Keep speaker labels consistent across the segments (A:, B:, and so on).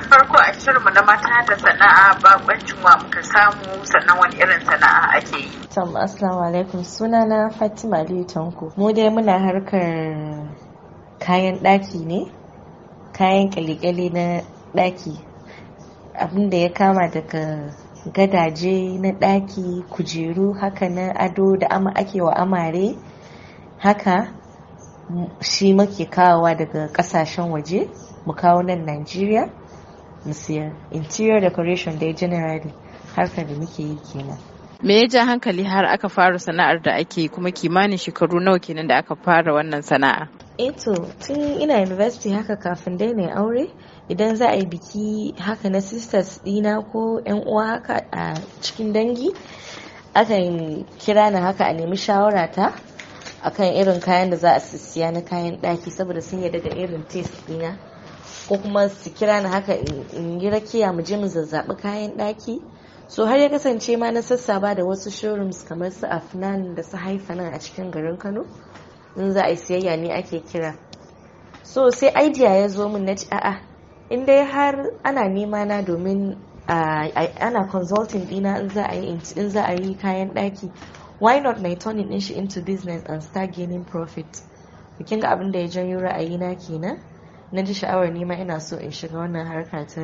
A: Na farko a shirinmu na mata da sana'a bakoncin wa muka samu sannan wani irin sana'a ake yi. Assalamu assalamu alaikum na Fatima Aliyu Tanko. Mu dai muna harkar kayan ɗaki ne, kayan kyale na ɗaki. Abin da ya kama daga gadaje na ɗaki, kujeru, haka na ado da ama ake wa amare, haka shi muke kawowa daga ƙasashen waje. mu kawo nan Najeriya musiyar interior decoration dai generally harkar da muke yi kenan me ya ja hankali har aka fara sana'ar da ake kuma kimanin shekaru nawa kenan da aka fara wannan sana'a eto eh tun ina university haka kafin daina na aure idan za a yi biki haka na sisters dina ko yan uwa haka a cikin dangi akan kira na haka a nemi shawara ta akan irin kayan da za a siya na kayan daki saboda sun yarda da irin taste dina ko kuma su kira ni haka in yi rakiya mu je mu zazzabi kayan ɗaki so har ya kasance ma na sassaba da wasu showrooms kamar su afnan da su haifa nan a cikin garin kano in za a yi siyayya ne ake kira so sai idea ya zo min na ci a'a in dai har ana nema na domin ana consulting dina in za a yi kayan ɗaki why not my turning din shi into business and start gaining profit bikin ga abin da ya janyo ra'ayi na kenan na ji sha'awar nema ina so in shiga wannan harka ta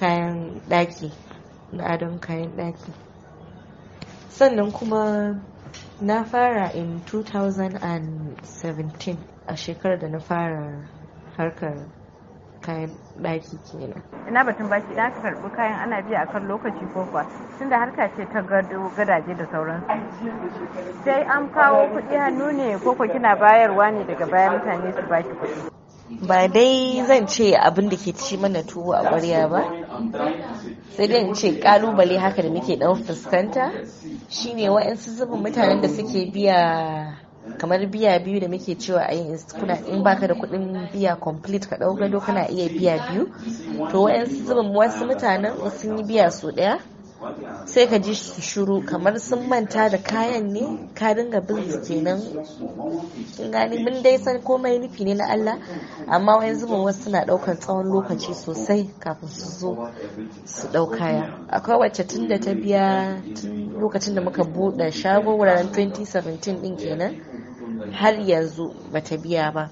A: kayan ɗaki na adon kayan ɗaki sannan kuma na fara in 2017 a shekarar da na fara harkar kayan ɗaki kenan. Ina batun baki idan ka karbi kayan ana biya a kan lokaci ko kuwa tunda harka ce ta gado gadaje da sauransu. Sai an kawo kuɗi hannu ne ko kina bayarwa ne daga bayan mutane su baki kuɗi. ba dai zan ce abin da ke ci mana tuwo a ƙwarya ba sai dai ce kalubale haka da muke dan fuskanta shine wa'yansu zubin mutanen da suke biya kamar biya biyu da muke cewa a kuna in baka da kuɗin biya complete ka ɗau gado kana iya biya biyu to wa'yansu zubin wasu mutanen sun yi biya su ɗaya sai ka ji su shuru kamar sun manta da kayan ne ka dinga bin su kenan kin gani mun dai san komai nufi ne na Allah amma wayan zubin wasu suna daukar tsawon lokaci sosai kafin su zo su dau kaya akwai wacce tun da ta biya tun lokacin da muka buɗe shago wuraren 2017 din kenan har yanzu bata biya ba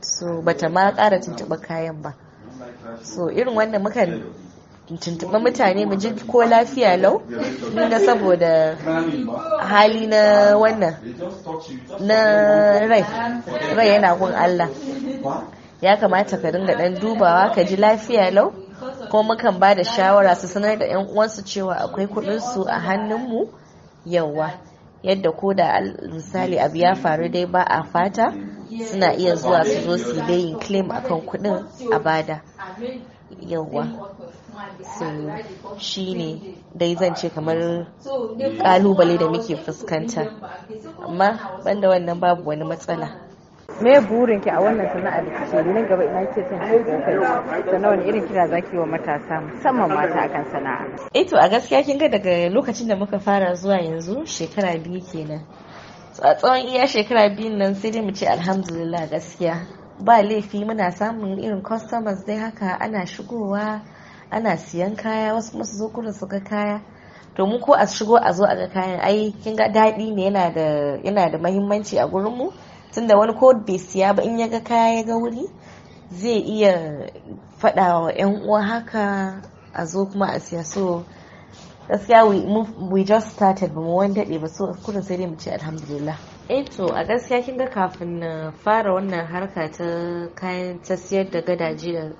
A: so bata ma ƙara tuntuɓa kayan ba so irin wanda mukan tuntuɓi mutane mu ji ko lafiya lau ni na saboda hali na wannan na rai rai yana gun Allah ya kamata ka dinga dan dubawa ka ji lafiya lau ko mukan ba da shawara su sanar da yan uwansu cewa akwai kuɗinsu su a hannunmu yawa yadda ko da misali abu ya faru dai ba a fata suna iya zuwa su zo su yi claim akan kuɗin a bada yawwa so shi ne dai zan ce kamar kalubale da muke fuskanta amma banda wannan babu wani matsala me burin ki a wannan sana'ar da kike nan gaba ina ke son ki kai wani irin kira zaki wa matasa musamman mata akan sana'a eh a gaskiya kin ga daga lokacin da muka fara zuwa yanzu shekara biyu kenan a tsawon iya shekara biyun nan sai dai mu ce alhamdulillah gaskiya ba laifi muna samun irin customers dai haka ana shigowa ana siyan kaya wasu kuma zo kurin su ga kaya domin ko a shigo a zo a ga kayan ai kin ga daɗi ne yana da yana da mahimmanci a gurin mu tunda wani ko bai siya ba in ya ga kaya ya ga wuri zai iya faɗa wa 'yan uwa haka a zo kuma a siya so gaskiya we, just started ba mu wani daɗe ba so kurin sai dai mu ce alhamdulillah Eto, eh, to a gaskiya kin ga kafin na fara wannan harka ta kayan ta siyar da gadaje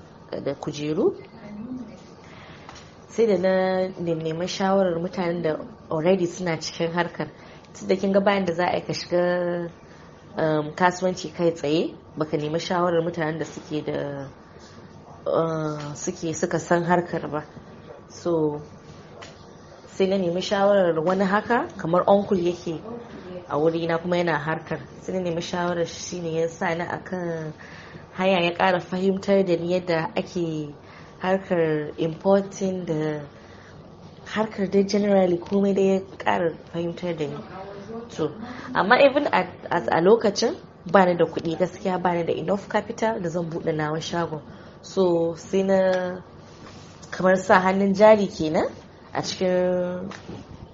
A: da kujeru sai da na nemi shawarar mutanen da already suna cikin harkar tun da kin ga bayan da za a yi ka shiga um, kasuwanci kai tsaye baka nemi shawarar mutanen da suke da uh, suke suka san harkar ba so sai na nemi shawarar wani haka kamar onkul yake a wuri na kuma yana harkar sai na nemi shawarar shi ne ya sa ni akan haya ya kara fahimtar da ni yadda ake harkar importing da harkar dai generally komai dai ya kara fahimtar da ni to amma even a lokacin ba ni da kuɗi gaskiya ba ni da enough capital da zan buɗe nawa shagon so sai na kamar sa hannun jari kenan a cikin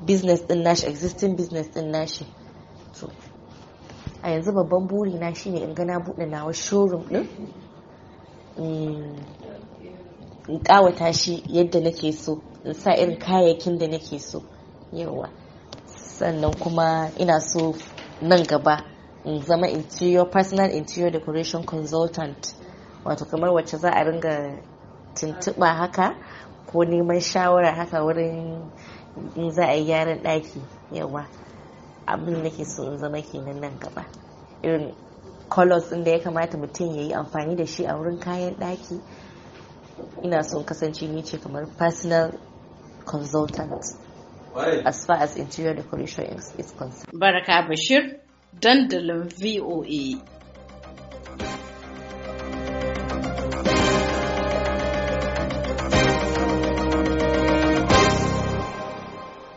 A: business din nashi existing business din nashi to a yanzu babban buri na shine in ga na wa nawa showroom din in kawata shi yadda nake so in sa irin kayayyakin da nake so yawa sannan kuma ina so nan gaba in zama interior personal interior decoration consultant wato kamar wacce za a ringa tuntuɓa haka ko neman shawara haka wurin in za a yi gyaran ɗaki yawa abin da nake so in zama kenan nan gaba irin colors din da ya kamata mutum ya yi amfani da shi a wurin kayan ɗaki ina son kasance ni ce kamar personal consultant as far as interior decoration is concerned baraka bashir dandalin voa